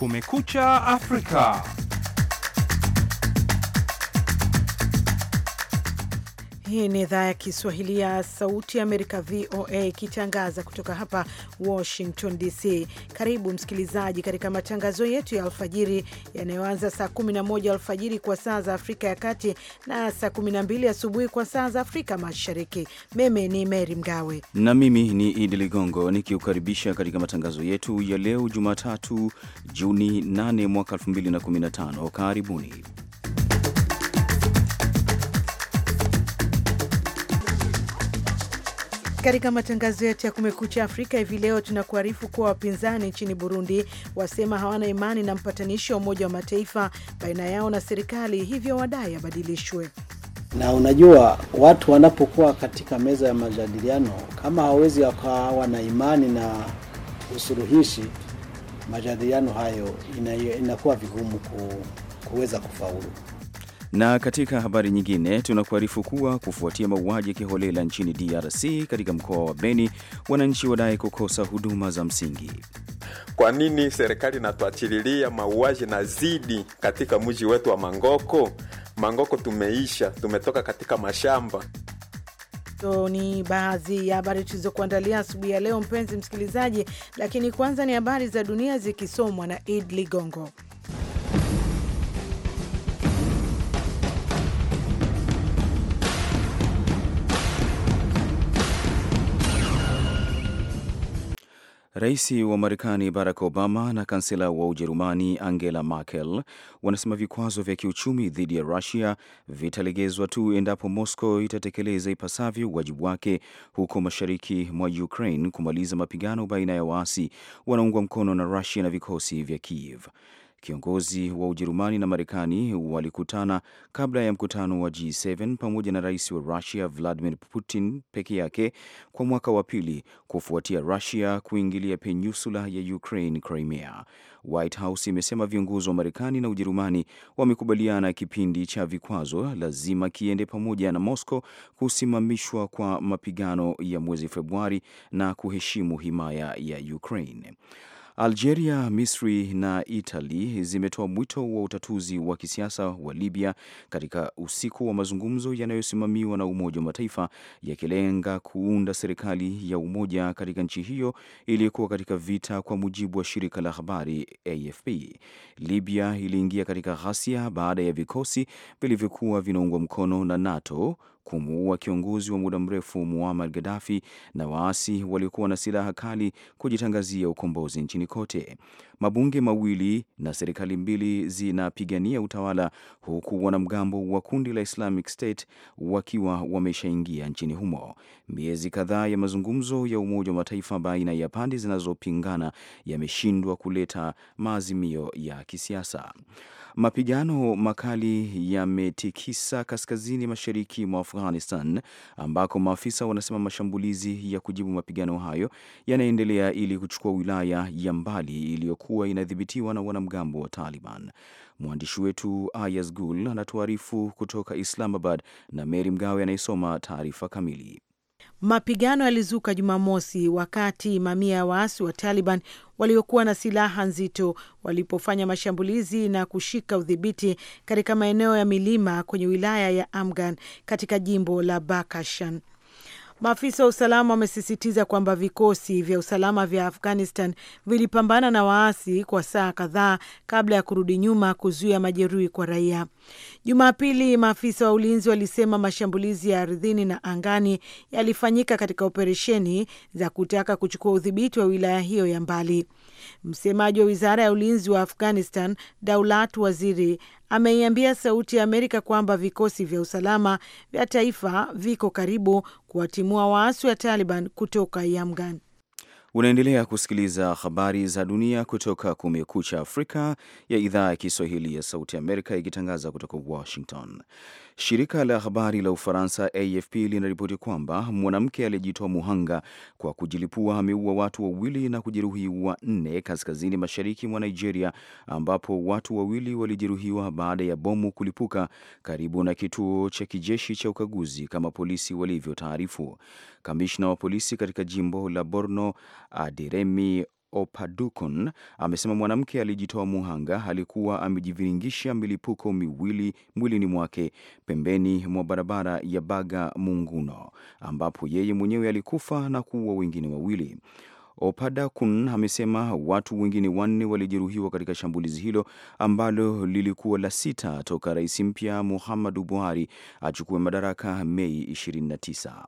Kumekucha Afrika. Hii ni idhaa ya Kiswahili ya Sauti ya Amerika, VOA, ikitangaza kutoka hapa Washington DC. Karibu msikilizaji katika matangazo yetu ya alfajiri yanayoanza saa 11 alfajiri kwa saa za Afrika ya Kati na saa 12 asubuhi kwa saa za Afrika Mashariki. Mimi ni Mary Mgawe na mimi ni Idi Ligongo nikiukaribisha katika matangazo yetu ya leo Jumatatu, Juni 8 mwaka 2015. Karibuni. Katika matangazo yetu ya Kumekucha Afrika hivi leo tunakuarifu kuwa wapinzani nchini Burundi wasema hawana imani na mpatanishi wa Umoja wa Mataifa baina yao na serikali, hivyo wadai abadilishwe. Na unajua watu wanapokuwa katika meza ya majadiliano, kama hawawezi wakawa na imani na usuluhishi, majadiliano hayo inakuwa vigumu kuweza kufaulu. Na katika habari nyingine tunakuarifu kuwa kufuatia mauaji ya kiholela nchini DRC katika mkoa wa Beni, wananchi wadai kukosa huduma za msingi. Kwa nini serikali inatuachililia mauaji na zidi katika mji wetu wa Mangoko? Mangoko tumeisha, tumetoka katika mashamba. So, ni baadhi ya habari tulizokuandalia asubuhi ya leo, mpenzi msikilizaji, lakini kwanza ni habari za dunia zikisomwa na Id Ligongo. Rais wa Marekani Barack Obama na kansela wa Ujerumani Angela Merkel wanasema vikwazo vya kiuchumi dhidi ya Rusia vitalegezwa tu endapo Moscow itatekeleza ipasavyo wajibu wake huko mashariki mwa Ukraine kumaliza mapigano baina ya waasi wanaungwa mkono na Rusia na vikosi vya Kiev. Kiongozi wa Ujerumani na Marekani walikutana kabla ya mkutano wa G7 pamoja na rais wa Russia Vladimir Putin peke yake kwa mwaka wa pili kufuatia Russia kuingilia peninsula ya Ukraine Crimea. White House imesema viongozi wa Marekani na Ujerumani wamekubaliana kipindi cha vikwazo lazima kiende pamoja na Moscow kusimamishwa kwa mapigano ya mwezi Februari na kuheshimu himaya ya Ukraine. Algeria, Misri na Itali zimetoa mwito wa utatuzi wa kisiasa wa Libya katika usiku wa mazungumzo yanayosimamiwa na Umoja wa Mataifa yakilenga kuunda serikali ya umoja katika nchi hiyo iliyokuwa katika vita, kwa mujibu wa shirika la habari AFP. Libya iliingia katika ghasia baada ya vikosi vilivyokuwa vinaungwa mkono na NATO kumuua kiongozi wa muda mrefu Muammar Gaddafi na waasi waliokuwa na silaha kali kujitangazia ukombozi nchini kote. Mabunge mawili na serikali mbili zinapigania utawala, huku wanamgambo wa kundi la Islamic State wakiwa wameshaingia nchini humo. Miezi kadhaa ya mazungumzo ya Umoja wa Mataifa baina ya pande zinazopingana yameshindwa kuleta maazimio ya kisiasa. Mapigano makali yametikisa kaskazini mashariki mwa Afghanistan, ambako maafisa wanasema mashambulizi ya kujibu mapigano hayo yanaendelea ili kuchukua wilaya ya mbali iliyokuwa inadhibitiwa na wanamgambo wa Taliban. Mwandishi wetu Ayaz Gul anatuarifu kutoka Islamabad na Meri Mgawe anayesoma taarifa kamili. Mapigano yalizuka Jumamosi wakati mamia ya waasi wa Taliban waliokuwa na silaha nzito walipofanya mashambulizi na kushika udhibiti katika maeneo ya milima kwenye wilaya ya Amgan katika jimbo la Bakashan. Maafisa wa usalama wamesisitiza kwamba vikosi vya usalama vya Afghanistan vilipambana na waasi kwa saa kadhaa kabla ya kurudi nyuma kuzuia majeruhi kwa raia. Jumapili, maafisa wa ulinzi walisema mashambulizi ya ardhini na angani yalifanyika katika operesheni za kutaka kuchukua udhibiti wa wilaya hiyo ya mbali. Msemaji wa wizara ya ulinzi wa Afghanistan, Daulat Waziri, ameiambia Sauti ya Amerika kwamba vikosi vya usalama vya taifa viko karibu kuwatimua waasi wa Taliban kutoka Yamgan. Unaendelea kusikiliza habari za dunia kutoka Kumekucha Afrika ya idhaa ya Kiswahili ya Sauti Amerika ikitangaza kutoka Washington. Shirika la habari la Ufaransa AFP linaripoti kwamba mwanamke aliyejitoa muhanga kwa kujilipua ameua watu wawili na kujeruhi wanne kaskazini mashariki mwa Nigeria, ambapo watu wawili walijeruhiwa baada ya bomu kulipuka karibu na kituo cha kijeshi cha ukaguzi, kama polisi walivyotaarifu. Kamishna wa polisi katika jimbo la Borno Aderemi Opadukun amesema mwanamke alijitoa muhanga alikuwa amejiviringisha milipuko miwili mwilini mwake pembeni mwa barabara ya Baga Munguno, ambapo yeye mwenyewe alikufa na kuua wengine wawili. Opadakun amesema watu wengine wanne walijeruhiwa katika shambulizi hilo ambalo lilikuwa la sita toka rais mpya Muhammadu Buhari achukue madaraka Mei 29.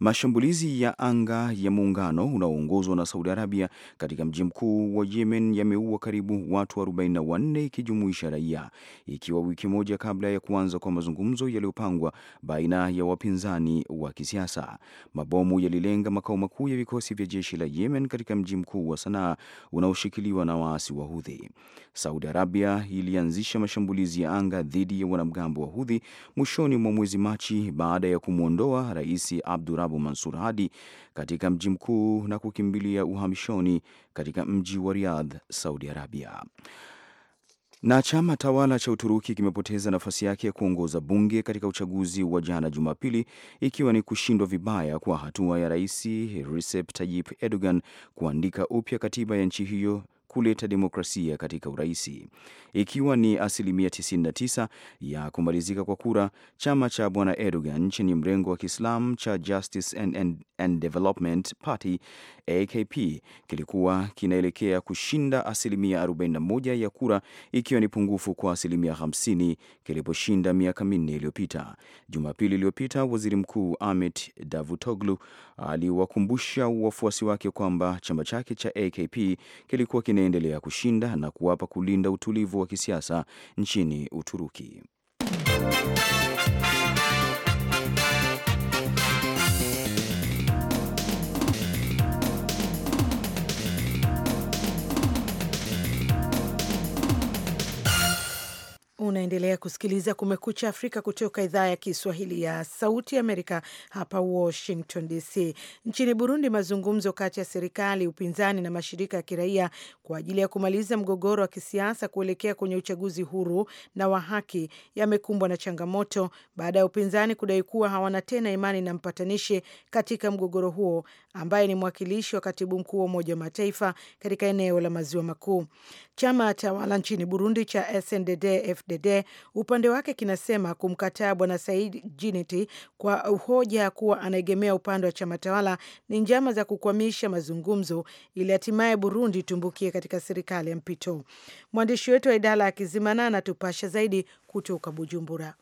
Mashambulizi ya anga ya muungano unaoongozwa na Saudi Arabia katika mji mkuu wa Yemen yameua karibu watu 44 ikijumuisha raia, ikiwa wiki moja kabla ya kuanza kwa mazungumzo yaliyopangwa baina ya wapinzani wa kisiasa. Mabomu yalilenga makao makuu ya vikosi vya jeshi la Yemen katika mji mkuu wa Sanaa unaoshikiliwa na waasi wa Hudhi. Saudi Arabia ilianzisha mashambulizi ya anga dhidi ya wanamgambo wa Hudhi mwishoni mwa mwezi Machi baada ya kumwondoa Rais Abdurabu Mansur Hadi katika mji mkuu na kukimbilia uhamishoni katika mji wa Riyadh, Saudi Arabia. Na chama tawala cha Uturuki kimepoteza nafasi yake ya kuongoza bunge katika uchaguzi wa jana Jumapili, ikiwa ni kushindwa vibaya kwa hatua ya Rais Recep Tayyip Erdogan kuandika upya katiba ya nchi hiyo kuleta demokrasia katika uraisi ikiwa ni asilimia 99 ya kumalizika kwa kura. Chama cha bwana Erdogan chenye mrengo wa Kiislamu cha Justice and, and, and Development Party AKP kilikuwa kinaelekea kushinda asilimia 41 ya kura, ikiwa ni pungufu kwa asilimia 50 kiliposhinda miaka minne iliyopita. Jumapili iliyopita, waziri mkuu Ahmet Davutoglu aliwakumbusha wafuasi wake kwamba chama chake cha AKP kilikuwa kinaendelea kushinda na kuwapa kulinda utulivu wa kisiasa nchini Uturuki. unaendelea kusikiliza Kumekucha Afrika kutoka idhaa ya Kiswahili ya Sauti Amerika hapa Washington DC. Nchini Burundi, mazungumzo kati ya serikali, upinzani na mashirika ya kiraia kwa ajili ya kumaliza mgogoro wa kisiasa kuelekea kwenye uchaguzi huru na wa haki yamekumbwa na changamoto baada ya upinzani kudai kuwa hawana tena imani na mpatanishi katika mgogoro huo ambaye ni mwakilishi wa katibu mkuu wa Umoja wa Mataifa katika eneo la Maziwa Makuu. Chama tawala nchini Burundi cha SNDD FDD CNDD upande wake kinasema kumkataa Bwana Said Jiniti kwa hoja kuwa anaegemea upande wa chama tawala ni njama za kukwamisha mazungumzo ili hatimaye Burundi itumbukie katika serikali ya mpito. Mwandishi wetu wa idara ya Kizimana anatupasha zaidi kutoka Bujumbura.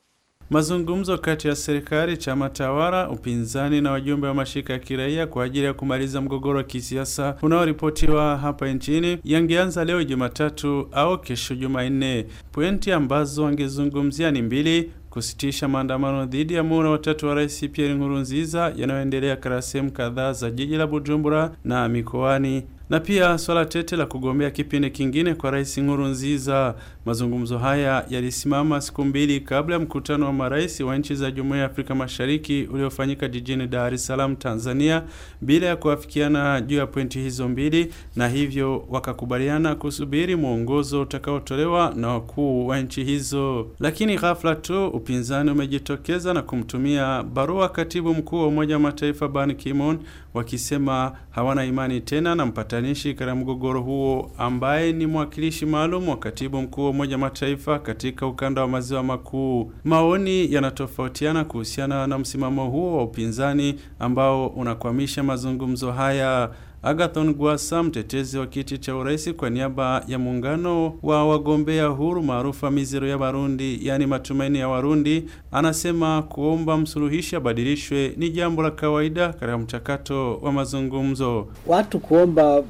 Mazungumzo kati ya serikali, chama tawala, upinzani na wajumbe wa mashirika ya kiraia kwa ajili ya kumaliza mgogoro wa kisiasa unaoripotiwa hapa nchini yangeanza leo Jumatatu au kesho Jumanne. Pointi ambazo wangezungumzia ni mbili: kusitisha maandamano dhidi ya muhula watatu wa Rais Pierre Nkurunziza yanayoendelea katika sehemu kadhaa za jiji la Bujumbura na mikoani na pia swala tete la kugombea kipindi kingine kwa Rais Nkurunziza. Mazungumzo haya yalisimama siku mbili kabla ya mkutano wa marais wa nchi za Jumuiya ya Afrika Mashariki uliofanyika jijini Dar es Salaam, Tanzania, bila ya kuafikiana juu ya pointi hizo mbili, na hivyo wakakubaliana kusubiri mwongozo utakaotolewa na wakuu wa nchi hizo. Lakini ghafla tu upinzani umejitokeza na kumtumia barua katibu mkuu wa Umoja wa Mataifa Ban Ki-moon wakisema hawana imani tena na mpata mpatanishi katika mgogoro huo ambaye ni mwakilishi maalum wa katibu mkuu wa Umoja Mataifa katika ukanda wa maziwa makuu. Maoni yanatofautiana kuhusiana na msimamo huo wa upinzani ambao unakwamisha mazungumzo haya. Agathon Gwasa, mtetezi wa kiti cha urais kwa niaba ya muungano wa wagombea huru maarufu Mizero ya Barundi, yaani matumaini ya Warundi, anasema kuomba msuluhishi abadilishwe ni jambo la kawaida katika mchakato wa mazungumzo. Watu kuomba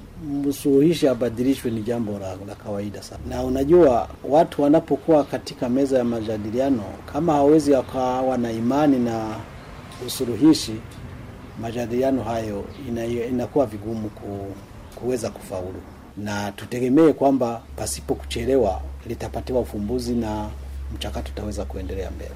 msuluhishi abadilishwe ni jambo la, la kawaida sana, na unajua watu wanapokuwa katika meza ya majadiliano, kama hawawezi wakawa na imani na usuluhishi majadiliano hayo ina, inakuwa vigumu ku, kuweza kufaulu, na tutegemee kwamba pasipo kuchelewa litapatiwa ufumbuzi na mchakato utaweza kuendelea mbele.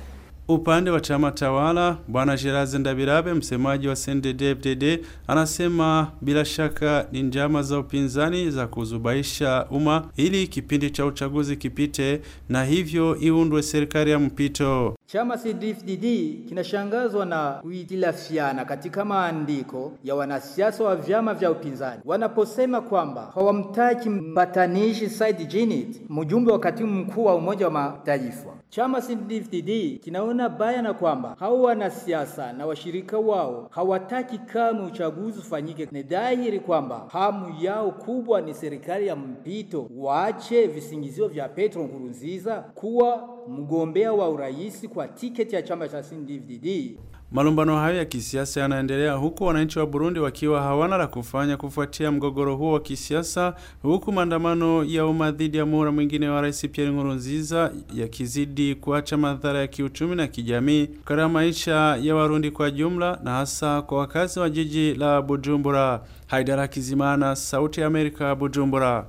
Upande wa chama tawala, Bwana Geraze Ndabirabe, msemaji wa CNDD-FDD, anasema bila shaka ni njama za upinzani za kuzubaisha umma ili kipindi cha uchaguzi kipite na hivyo iundwe serikali ya mpito. Chama CDFDD kinashangazwa na kuitilafiana katika maandiko ya wanasiasa wa vyama vya upinzani wanaposema kwamba hawamtaki mpatanishi Said Djinnit, mjumbe wa katibu mkuu wa Umoja wa Mataifa. Chama CDFDD kinaona baya na kwamba hao wanasiasa na washirika wao hawataki kama uchaguzi ufanyike. Ni dhahiri kwamba hamu yao kubwa ni serikali ya mpito, waache visingizio vya Petro Nkurunziza kuwa mgombea wa urais kwa tiketi ya chama cha CNDD-FDD. Malumbano hayo ya kisiasa yanaendelea huku wananchi wa Burundi wakiwa hawana la kufanya kufuatia mgogoro huo wa kisiasa, huku maandamano ya umma dhidi ya muhula mwingine wa Rais Pierre Nkurunziza yakizidi kuacha madhara ya kiuchumi na kijamii katika maisha ya Warundi kwa jumla na hasa kwa wakazi wa jiji la Bujumbura. Haidara Kizimana, Sauti ya Amerika, Bujumbura.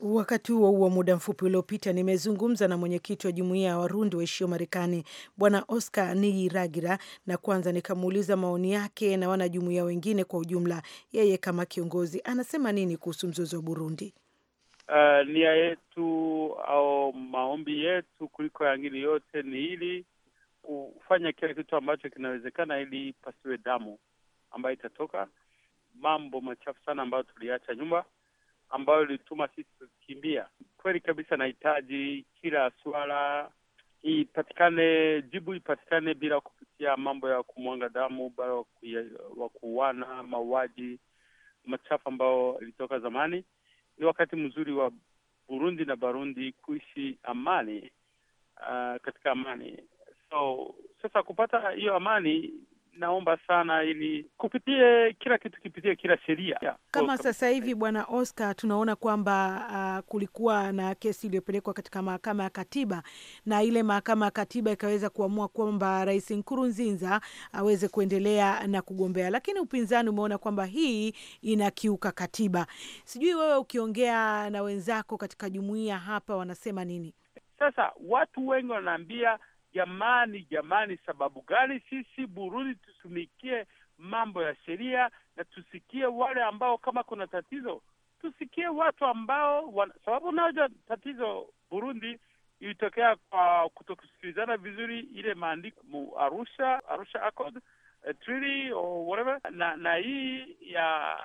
Wakati huo huo, muda mfupi uliopita, nimezungumza na mwenyekiti wa jumuiya ya Warundi waishio Marekani, Bwana Oscar Niyiragira, na kwanza nikamuuliza maoni yake na wanajumuiya wengine kwa ujumla, yeye kama kiongozi anasema nini kuhusu mzozo wa Burundi. Uh, nia yetu au maombi yetu kuliko yangine yote ni ili kufanya kila kitu ambacho kinawezekana ili pasiwe damu ambayo itatoka, mambo machafu sana ambayo tuliacha nyuma ambayo ilituma sisi tukikimbia. Kweli kabisa, nahitaji kila suala ipatikane, jibu ipatikane bila kupitia mambo ya kumwanga damu, bara wa kuuana, mauaji machafu ambayo ilitoka zamani. Ni wakati mzuri wa Burundi na Barundi kuishi amani, uh, katika amani. So sasa kupata hiyo amani naomba sana ili kupitie kila kitu kipitie kila sheria kama Oscar. Sasa hivi bwana Oscar, tunaona kwamba uh, kulikuwa na kesi iliyopelekwa katika mahakama ya katiba na ile mahakama ya katiba ikaweza kuamua kwamba Rais Nkurunziza aweze kuendelea na kugombea, lakini upinzani umeona kwamba hii inakiuka katiba. Sijui wewe ukiongea na wenzako katika jumuiya hapa wanasema nini? Sasa watu wengi wanaambia Jamani, jamani, sababu gani sisi Burundi tutumikie mambo ya sheria na tusikie wale ambao, kama kuna tatizo, tusikie watu ambao wan... sababu unaoja tatizo Burundi ilitokea kwa kutokusikilizana vizuri, ile maandiko mu Arusha, Arusha Accord uh, treaty or whatever, na na hii ya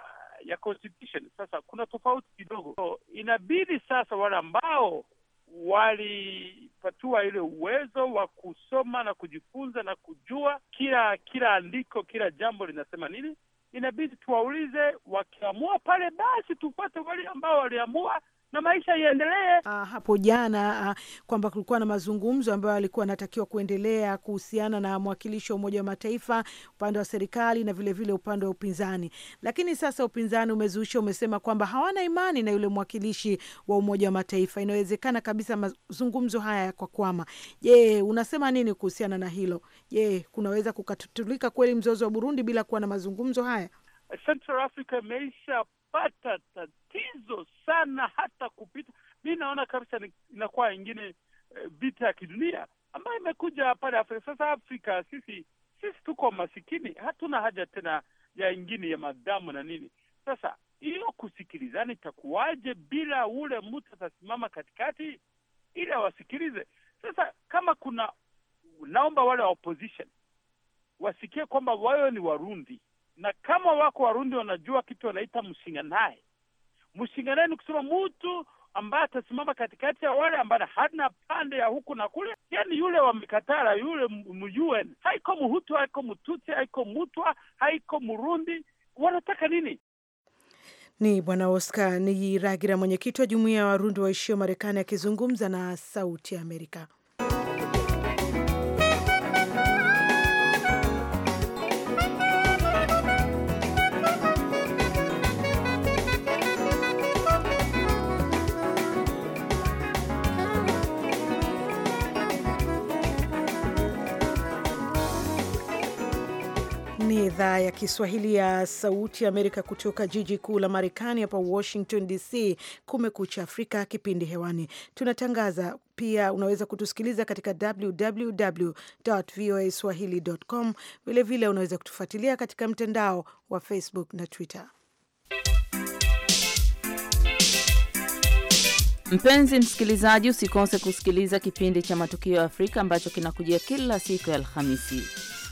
ya constitution. Sasa kuna tofauti kidogo, so inabidi sasa wale ambao walipatiwa ile uwezo wa kusoma na kujifunza na kujua kila kila andiko, kila jambo linasema nini. Inabidi tuwaulize, wakiamua pale, basi tupate wale ambao waliamua na maisha iendelee. Ah, hapo jana ah, kwamba kulikuwa na mazungumzo ambayo alikuwa anatakiwa kuendelea kuhusiana na mwakilishi wa Umoja wa Mataifa upande wa serikali na vilevile upande wa upinzani, lakini sasa upinzani umezuisha umesema kwamba hawana imani na yule mwakilishi wa Umoja wa Mataifa. Inawezekana kabisa mazungumzo haya ya kwakwama. Je, unasema nini kuhusiana na hilo? Je, kunaweza kukatulika kweli mzozo wa Burundi bila kuwa na mazungumzo haya? Central Africa imeisha wanapata tatizo sana hata kupita. Mi naona kabisa inakuwa ingine eh, vita ya kidunia ambayo imekuja pale Afrika. Sasa Afrika sisi sisi tuko masikini, hatuna haja tena ya ingine ya madhamu na nini. Sasa hiyo kusikilizana itakuwaje bila ule mtu atasimama katikati ili awasikilize? Sasa kama kuna, naomba wale wa opposition wasikie kwamba wao ni Warundi na kama wako Warundi wanajua kitu wanaita msinganae msinganae ni kusema mtu ambaye atasimama katikati ya wale ambaye hana pande ya huku na kule, yani yule wamekatara, yule mjuen, haiko Muhutu, haiko mtuti haiko Mutwa, haiko Murundi. Wanataka nini? Ni Bwana Oscar ragira mwenyekiti wa jumuia ya Warundi waishio Marekani, akizungumza na Sauti ya Amerika. ni idhaa ya Kiswahili ya Sauti ya Amerika kutoka jiji kuu la Marekani, hapa Washington DC. Kumekucha Afrika, kipindi hewani, tunatangaza pia. Unaweza kutusikiliza katika www voa swahili.com. Vilevile unaweza kutufuatilia katika mtandao wa Facebook na Twitter. Mpenzi msikilizaji, usikose kusikiliza kipindi cha Matukio ya Afrika ambacho kinakujia kila siku ya Alhamisi.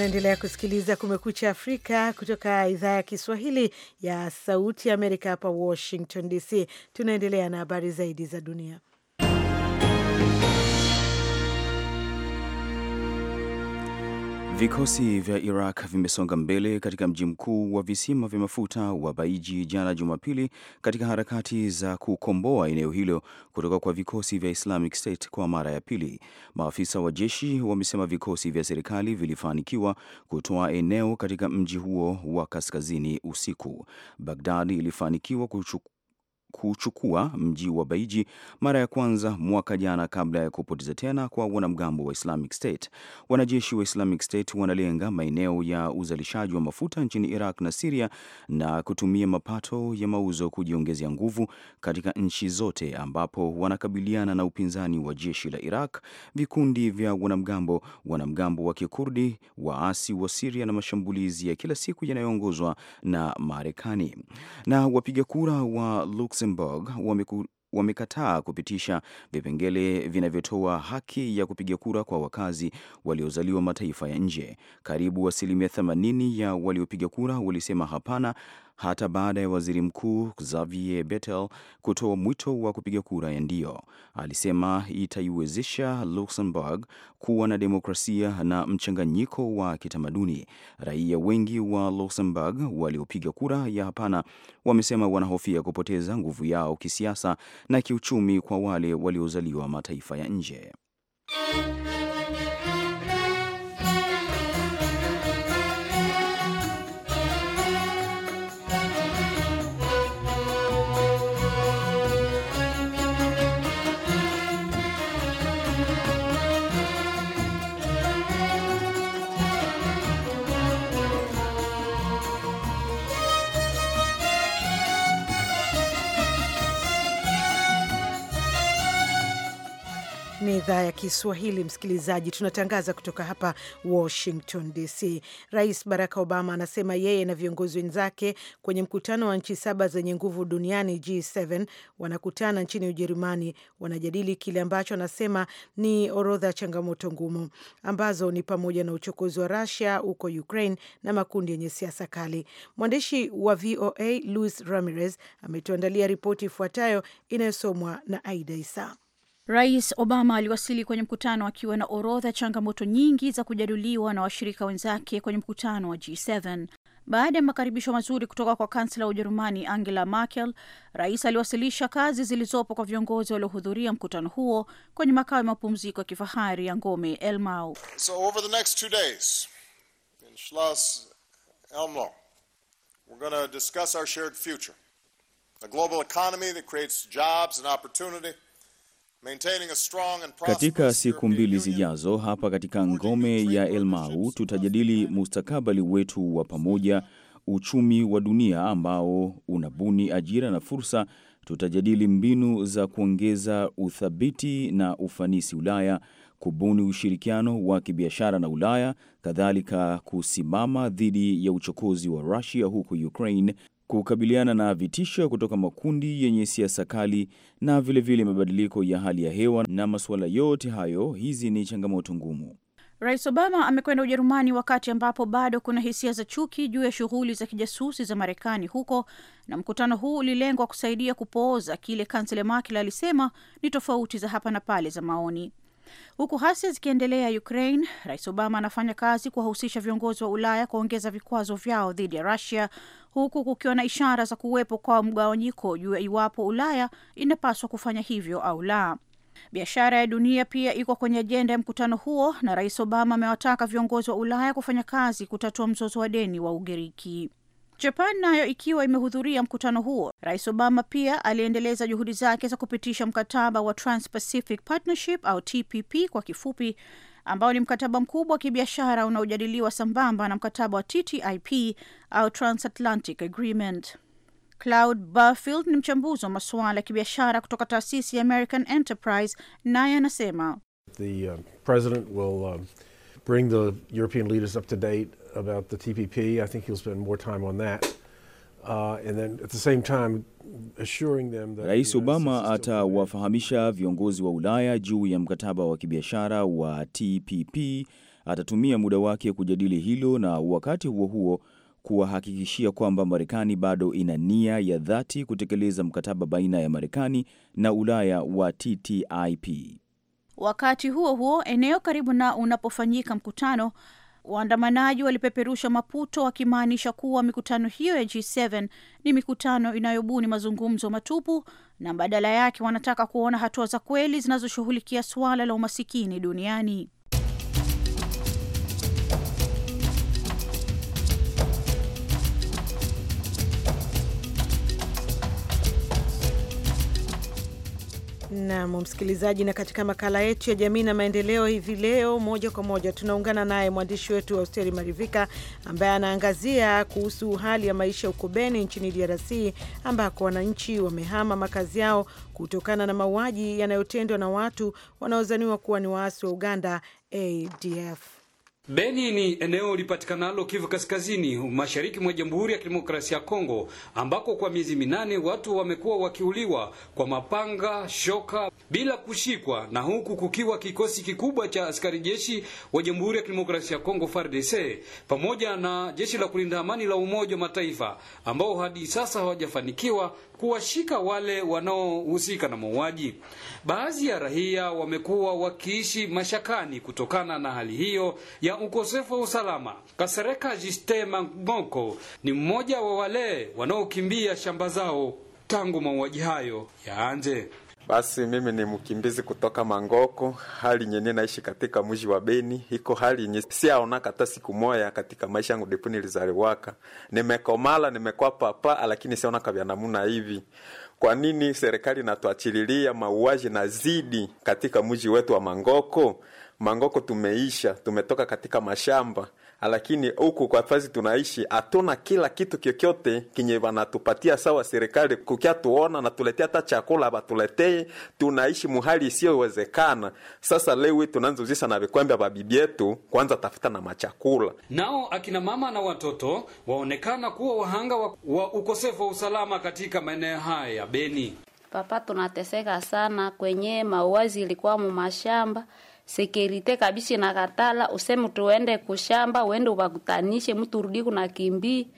Unaendelea kusikiliza Kumekucha Afrika kutoka idhaa ya Kiswahili ya Sauti ya Amerika hapa Washington DC. Tunaendelea na habari zaidi za dunia. Vikosi vya Iraq vimesonga mbele katika mji mkuu wa visima vya mafuta wa Baiji jana Jumapili, katika harakati za kukomboa eneo hilo kutoka kwa vikosi vya Islamic State kwa mara ya pili. Maafisa wa jeshi wamesema vikosi vya serikali vilifanikiwa kutoa eneo katika mji huo wa kaskazini usiku. Bagdad ilifanikiwa kuchukua mji wa Baiji mara ya kwanza mwaka jana kabla ya kupoteza tena kwa wanamgambo wa Islamic State. Wanajeshi wa Islamic State wanalenga maeneo ya uzalishaji wa mafuta nchini Iraq na Siria na kutumia mapato ya mauzo kujiongezea nguvu katika nchi zote ambapo wanakabiliana na upinzani wa jeshi la Iraq, vikundi vya wanamgambo, wanamgambo wa Kikurdi, waasi wa Siria na mashambulizi ya kila siku yanayoongozwa na Marekani. Na wapiga kura wa Luxembourg Luxembourg wameku wamekataa kupitisha vipengele vinavyotoa haki ya kupiga kura kwa wakazi waliozaliwa mataifa ya nje. Karibu asilimia 80 ya waliopiga kura walisema hapana hata baada ya waziri mkuu Xavier Bettel kutoa mwito wa kupiga kura ya ndio. Alisema itaiwezesha Luxembourg kuwa na demokrasia na mchanganyiko wa kitamaduni. Raia wengi wa Luxembourg waliopiga kura ya hapana wamesema wanahofia kupoteza nguvu yao kisiasa na kiuchumi kwa wale waliozaliwa mataifa ya nje. idhaa ya Kiswahili, msikilizaji, tunatangaza kutoka hapa Washington DC. Rais Barack Obama anasema yeye na viongozi wenzake kwenye mkutano wa nchi saba zenye nguvu duniani G7 wanakutana nchini Ujerumani, wanajadili kile ambacho anasema ni orodha ya changamoto ngumu ambazo ni pamoja na uchokozi wa Rusia huko Ukraine na makundi yenye siasa kali. Mwandishi wa VOA Luis Ramirez ametuandalia ripoti ifuatayo inayosomwa na Aida Isa. Rais Obama aliwasili kwenye mkutano akiwa na orodha changamoto nyingi za kujadiliwa na washirika wenzake kwenye mkutano wa G7. Baada ya makaribisho mazuri kutoka kwa kansela wa Ujerumani Angela Merkel, rais aliwasilisha kazi zilizopo kwa viongozi waliohudhuria mkutano huo kwenye makao ya mapumziko ya kifahari ya ngome Elmau. So over the next two days in Schloss Elmau we're going to discuss our shared future, a global economy that creates jobs and opportunity katika siku mbili zijazo hapa katika ngome ya Elmau tutajadili mustakabali wetu wa pamoja, uchumi wa dunia ambao unabuni ajira na fursa. Tutajadili mbinu za kuongeza uthabiti na ufanisi Ulaya, kubuni ushirikiano wa kibiashara na Ulaya, kadhalika kusimama dhidi ya uchokozi wa Rusia huko Ukraine kukabiliana na vitisho kutoka makundi yenye siasa kali na vilevile vile mabadiliko ya hali ya hewa na masuala yote hayo, hizi ni changamoto ngumu. Rais Obama amekwenda Ujerumani wakati ambapo bado kuna hisia za chuki juu ya shughuli za kijasusi za Marekani huko, na mkutano huu ulilengwa kusaidia kupooza kile kansela Merkel alisema ni tofauti za hapa na pale za maoni. Huku hasi zikiendelea Ukraine, Rais Obama anafanya kazi kuwahusisha viongozi wa Ulaya kuongeza vikwazo vyao dhidi ya rasia huku kukiwa na ishara za kuwepo kwa mgawanyiko juu ya iwapo Ulaya inapaswa kufanya hivyo au la. Biashara ya dunia pia iko kwenye ajenda ya mkutano huo, na Rais Obama amewataka viongozi wa Ulaya kufanya kazi kutatua mzozo wa deni wa Ugiriki. Japan nayo ikiwa imehudhuria mkutano huo. Rais Obama pia aliendeleza juhudi zake za kupitisha mkataba wa Trans-Pacific Partnership au TPP kwa kifupi, ambao ni mkataba mkubwa wa kibiashara unaojadiliwa sambamba na mkataba wa TTIP au Transatlantic Agreement. Cloud Barfield ni mchambuzi wa masuala ya kibiashara kutoka taasisi ya American Enterprise, naye anasema the, uh, president will, uh, bring the European leaders up to date about the TPP. I think he'll spend more time on that. Uh, and then at the same time assuring them that Rais Obama atawafahamisha viongozi wa Ulaya juu ya mkataba wa kibiashara wa TPP. Atatumia muda wake kujadili hilo na wakati huo huo kuwahakikishia kwamba Marekani bado ina nia ya dhati kutekeleza mkataba baina ya Marekani na Ulaya wa TTIP. Wakati huo huo, eneo karibu na unapofanyika mkutano Waandamanaji walipeperusha maputo wakimaanisha kuwa mikutano hiyo ya G7 ni mikutano inayobuni mazungumzo matupu na badala yake wanataka kuona hatua za kweli zinazoshughulikia suala la umasikini duniani. Nam msikilizaji, na katika makala yetu ya jamii na maendeleo hivi leo, moja kwa moja tunaungana naye mwandishi wetu Austeri Marivika ambaye anaangazia kuhusu hali ya maisha huko Beni nchini DRC, ambako wananchi wamehama makazi yao kutokana na mauaji yanayotendwa na watu wanaozaniwa kuwa ni waasi wa Uganda, ADF. Beni ni eneo lipatikanalo Kivu Kaskazini, mashariki mwa Jamhuri ya Kidemokrasia ya Kongo, ambako kwa miezi minane watu wamekuwa wakiuliwa kwa mapanga, shoka bila kushikwa, na huku kukiwa kikosi kikubwa cha askari jeshi wa Jamhuri ya Kidemokrasia ya Kongo FARDC pamoja na jeshi la kulinda amani la Umoja wa Mataifa ambao hadi sasa hawajafanikiwa kuwashika wale wanaohusika na mauaji. Baadhi ya raia wamekuwa wakiishi mashakani kutokana na hali hiyo ya ukosefu wa usalama. Kasereka Jiste Mangoko ni mmoja wa wale wanaokimbia shamba zao tangu mauaji hayo yaanze. Basi mimi ni mkimbizi kutoka Mangoko, hali nyenye naishi katika mji wa Beni, iko hali yenye siaonaka hata siku moya katika maisha yangu depuni nilizaliwaka. Nimekomala, nimekuwa papa, lakini siaonaka vya namuna hivi. Kwa nini serikali inatuachililia mauaji na zidi katika mji wetu wa Mangoko? mangoko tumeisha, tumetoka katika mashamba, lakini huku kwa fazi tunaishi hatuna kila kitu kyokyote kinye wanatupatia sawa. Serikali kukia tuona natuletea hata chakula batuletee, tunaishi muhali isiyowezekana. Sasa lewi tunanzuzisa na vikwembe vya bibi yetu kwanza tafuta na machakula. Nao akina mama na watoto waonekana kuwa wahanga wa, wa ukosefu wa usalama katika maeneo haya ya Beni. Papa tunateseka sana kwenye mauazi ilikuwa mu mashamba sekerite kabisa inakatala, useme tuende kushamba, uende ubakutanishe, mtu rudi kuna kimbi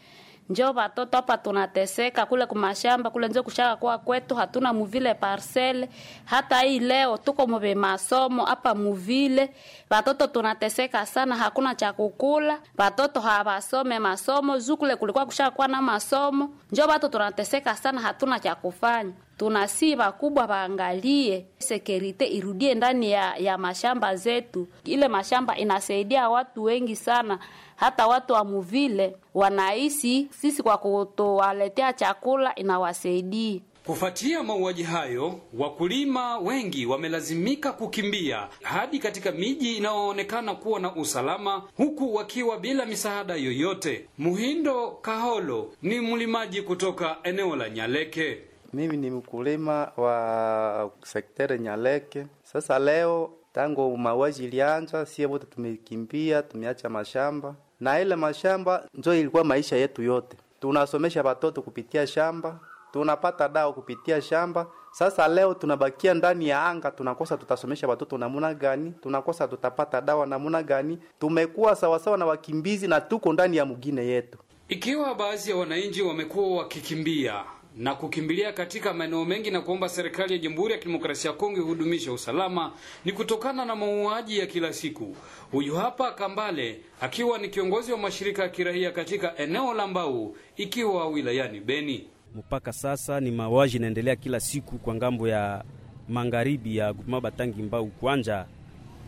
njo batoto hapa tunateseka kule kumashamba kule, njo kushaka kwa kwetu, hatuna muvile parcele. Hata hii leo tuko mbe masomo hapa muvile, batoto tunateseka sana, hakuna cha kukula, batoto hawasome masomo. Zukule kulikuwa kushaka kwa na masomo, njo vato tunateseka sana, hatuna cha kufanya tunasi vakubwa vaangalie sekurite irudie ndani ya, ya mashamba zetu. Ile mashamba inasaidia watu wengi sana, hata watu wa muvile wanaishi sisi kwa kutowaletea chakula inawasaidia. Kufuatia mauaji hayo, wakulima wengi wamelazimika kukimbia hadi katika miji inayoonekana kuwa na usalama, huku wakiwa bila misaada yoyote. Muhindo Kaholo ni mlimaji kutoka eneo la Nyaleke. Mimi ni mkulima wa sekteri Nyaleke. Sasa leo tangu mauaji ilianza, sie wote tumekimbia, tumeacha mashamba na ile mashamba njo ilikuwa maisha yetu yote. Tunasomesha watoto kupitia shamba, tunapata dawa kupitia shamba. Sasa leo tunabakia ndani ya anga, tunakosa tutasomesha watoto namuna gani? Tunakosa tutapata dawa namuna gani? Tumekuwa sawasawa na wakimbizi na tuko ndani ya mugine yetu. Ikiwa baadhi ya wananchi wamekuwa wakikimbia na kukimbilia katika maeneo mengi na kuomba serikali ya Jamhuri ya Kidemokrasia ya Kongo ihudumisha usalama ni kutokana na mauaji ya kila siku. Huyu hapa Kambale akiwa ni kiongozi wa mashirika ya kiraia katika eneo la Mbau ikiwa wilayani Beni. Mpaka sasa ni mauaji inaendelea kila siku kwa ngambo ya magharibi ya Guma Batangi Mbau kwanja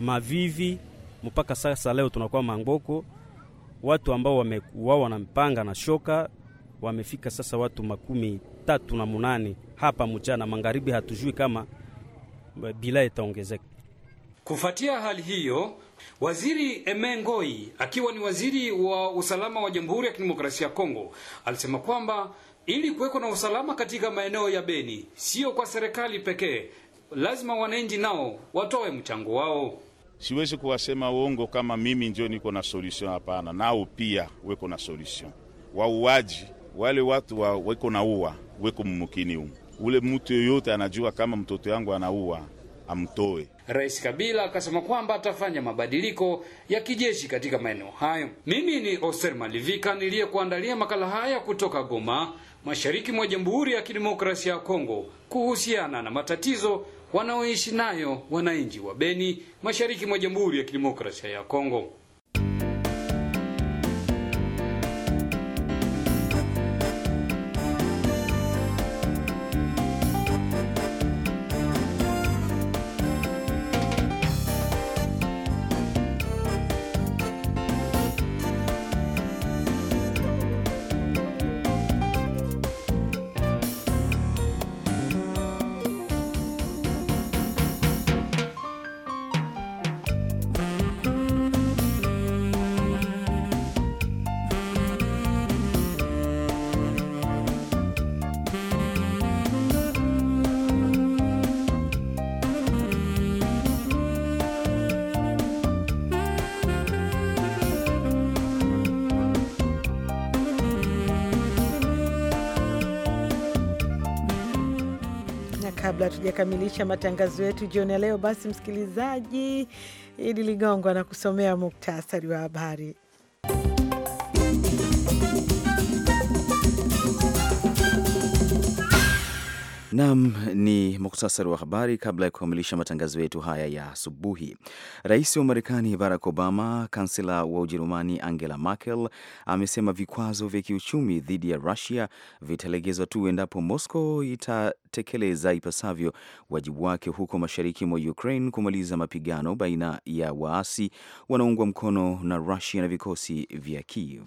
Mavivi mpaka sasa leo tunakuwa Mangoko, watu ambao wamekuwa wanampanga na shoka wamefika sasa watu makumi tatu na munani hapa mchana magharibi, hatujui kama eh, bila itaongezeka. Kufuatia hali hiyo, Waziri Emengoi akiwa ni waziri wa usalama wa Jamhuri ya Kidemokrasia ya Kongo alisema kwamba ili kuweko na usalama katika maeneo ya Beni, sio kwa serikali pekee, lazima wananchi nao watoe mchango wao. Siwezi kuwasema uongo kama mimi ndio niko na solution, hapana. Nao pia weko na solution. Wauaji wale watu wa weko naua weko mumukini umu, ule mtu yoyote anajua kama mtoto yangu anaua amtoe. Rais Kabila akasema kwamba atafanya mabadiliko ya kijeshi katika maeneo hayo. Mimi ni Oser Malivika niliyekuandalia makala haya kutoka Goma, mashariki mwa Jamhuri ya Kidemokrasia ya Kongo, kuhusiana na matatizo wanaoishi nayo wananchi wa Beni, mashariki mwa Jamhuri ya Kidemokrasia ya Kongo. kabla hatujakamilisha matangazo yetu jioni ya leo, basi msikilizaji, Idi Ligongo anakusomea muktasari wa habari. Nam ni muktasari wa habari kabla ya kukamilisha matangazo yetu haya ya asubuhi. Rais wa Marekani Barack Obama, kansela wa Ujerumani Angela Merkel amesema vikwazo vya kiuchumi dhidi ya Rusia vitalegezwa tu endapo Moscow ita kutekeleza ipasavyo wajibu wake huko mashariki mwa Ukraine kumaliza mapigano baina ya waasi wanaungwa mkono na Rusia na vikosi vya Kiev.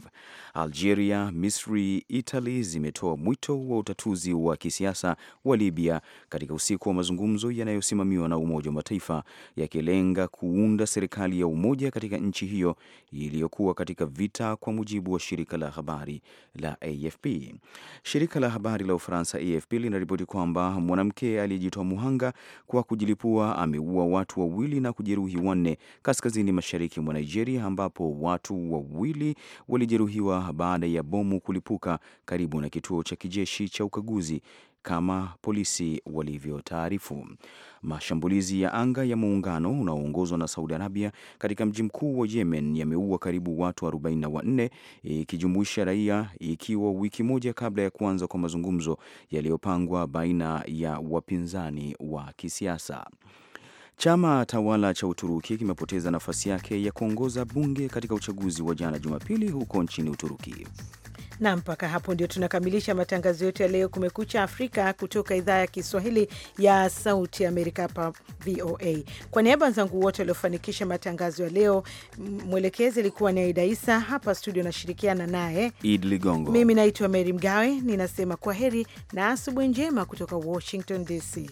Algeria, Misri, Italy zimetoa mwito wa utatuzi wa kisiasa wa Libya katika usiku wa mazungumzo yanayosimamiwa na Umoja wa Mataifa yakilenga kuunda serikali ya umoja katika nchi hiyo iliyokuwa katika vita, kwa mujibu wa shirika la habari la AFP. Shirika la habari la Ufaransa AFP linaripoti kwamba kwamba mwanamke aliyejitoa muhanga kwa kujilipua ameua watu wawili na kujeruhi wanne kaskazini mashariki mwa Nigeria, ambapo watu wawili walijeruhiwa baada ya bomu kulipuka karibu na kituo cha kijeshi cha ukaguzi kama polisi walivyotaarifu. Mashambulizi ya anga ya muungano unaoongozwa na Saudi Arabia katika mji mkuu wa Yemen yameua karibu watu 44 ikijumuisha raia, ikiwa wiki moja kabla ya kuanza kwa mazungumzo yaliyopangwa baina ya wapinzani wa kisiasa. Chama tawala cha Uturuki kimepoteza nafasi yake ya kuongoza bunge katika uchaguzi wa jana Jumapili huko nchini Uturuki na mpaka hapo ndio tunakamilisha matangazo yetu ya leo Kumekucha Afrika kutoka idhaa ya Kiswahili ya Sauti Amerika hapa VOA. Kwa niaba wenzangu wote waliofanikisha matangazo ya leo, mwelekezi alikuwa ni Aida Isa, hapa studio nashirikiana naye Id Ligongo. Mimi naitwa Meri Mgawe, ninasema kwa heri na asubuhi njema kutoka Washington DC.